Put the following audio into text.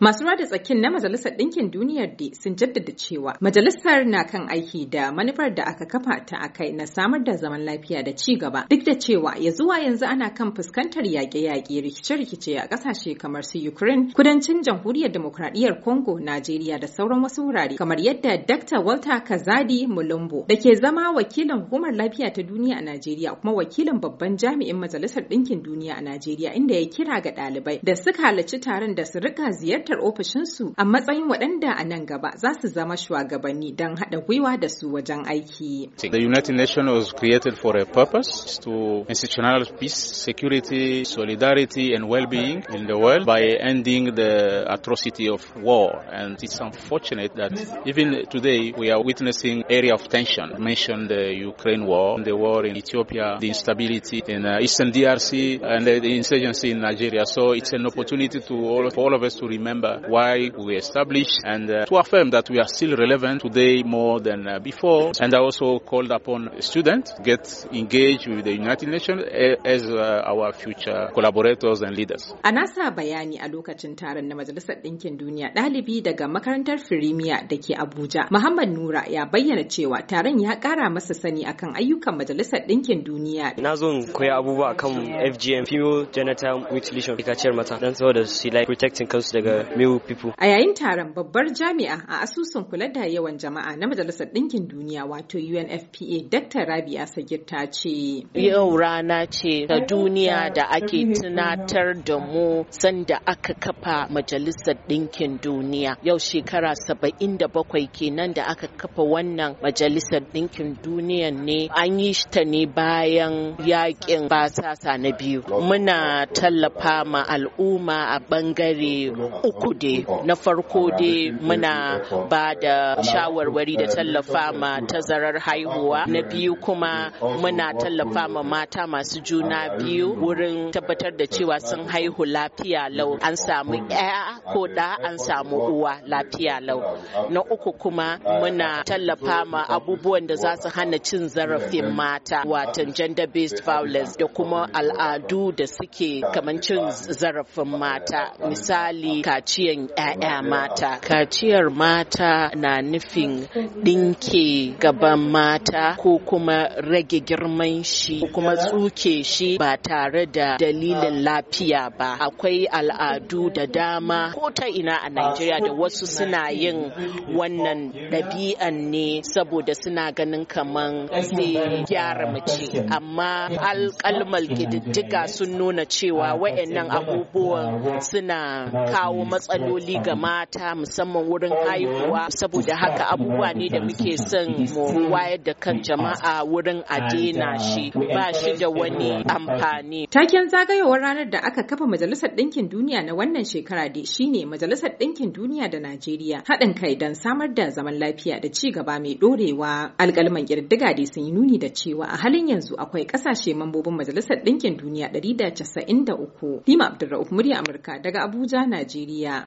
Masu ruwa da tsakin na Majalisar Ɗinkin Duniyar da sun jaddada cewa majalisar na kan aiki da manufar da aka kafa ta a kai na samar da zaman lafiya da ci gaba duk da cewa ya zuwa yanzu ana kan fuskantar yaƙe-yaƙe rikice-rikice a ƙasashe kamar su Ukraine, kudancin jamhuriyar demokradiyyar Congo, Najeriya da sauran wasu wurare kamar yadda Dr. Walter Kazadi Mulumbo da ke zama wakilin hukumar lafiya ta duniya a Najeriya kuma wakilin babban jami'in Majalisar Ɗinkin Duniya a Najeriya inda ya kira ga ɗalibai da suka halarci taron da su rika ziyarta. halartar ofishinsu a matsayin waɗanda a nan gaba za su zama shugabanni don haɗa gwiwa da su wajen aiki. The United Nations was created for a purpose to institutional peace, security, solidarity and well-being in the world by ending the atrocity of war. And it's unfortunate that even today we are witnessing area of tension. Mentioned the Ukraine war, the war in Ethiopia, the instability in uh, eastern DRC and uh, the insurgency in Nigeria. So it's an opportunity to all, for all of us to remember remember why we established and uh, to affirm that we are still relevant today more than uh, before. And I also called upon students to get engaged with the United Nations as uh, our future collaborators and leaders. Anasa bayani a lokacin taron na Majalisar Ɗinkin Duniya ɗalibi daga makarantar Firimiya da ke Abuja, Muhammad Nura ya bayyana cewa taron ya ƙara masa sani akan ayyukan Majalisar Ɗinkin Duniya. Na zo koya abubuwa akan FGM, Female Genital Mutilation, ka mata, dan saboda su like protecting kansu daga male people. A yayin taron babbar jami'a a asusun kula da yawan jama'a na Majalisar Ɗinkin Duniya wato UNFPA Dr. Rabia Sagir ta ce. Yau rana ce ta duniya da ake tunatar da mu sanda aka kafa Majalisar Ɗinkin Duniya. Yau shekara saba'in da bakwai kenan da aka kafa wannan Majalisar Ɗinkin Duniya ne an yi ta ne bayan yakin basasa na biyu. Muna tallafa ma al'umma a bangare uku uku dai na farko dai muna ba da shawarwari da tallafa ma tazarar haihuwa na biyu kuma muna tallafa ma mata masu juna biyu wurin tabbatar da cewa sun haihu lafiya lau an samu ɗaya ko ɗa an samu uwa lafiya lau na uku kuma muna tallafa ma abubuwan da za su hana cin zarafin mata watan gender based violence da kuma al'adu da suke kamar cin zarafin mata misali kaciyan 'ya'ya mata kaciyar mata na nufin ɗinke gaban mata ko kuma rage girman shi ko kuma tsuke shi ba tare da dalilin lafiya ba akwai al'adu da dama ko ta ina a Najeriya da wasu suna yin wannan ɗabi'an ne saboda suna ganin kaman sai gyara mace amma alƙalmal ƙididdiga sun nuna cewa wayannan abubuwan suna kawo matsaloli ga mata musamman wurin haihuwa saboda haka abubuwa ne da muke son mu wayar da kan jama'a wurin a daina shi ba shi da wani amfani. Taken zagayowar ranar da aka kafa Majalisar Ɗinkin Duniya na wannan shekara dai shine Majalisar Ɗinkin Duniya da Najeriya haɗin kai don samar da zaman lafiya da ci gaba mai ɗorewa. Alƙalman ƙirdiga dai sun yi nuni da cewa a halin yanzu akwai ƙasashe mambobin Majalisar Ɗinkin Duniya ɗari da casa'in 193. Lima Abdulrahman Murya Amurka daga Abuja, Najeriya. Yeah.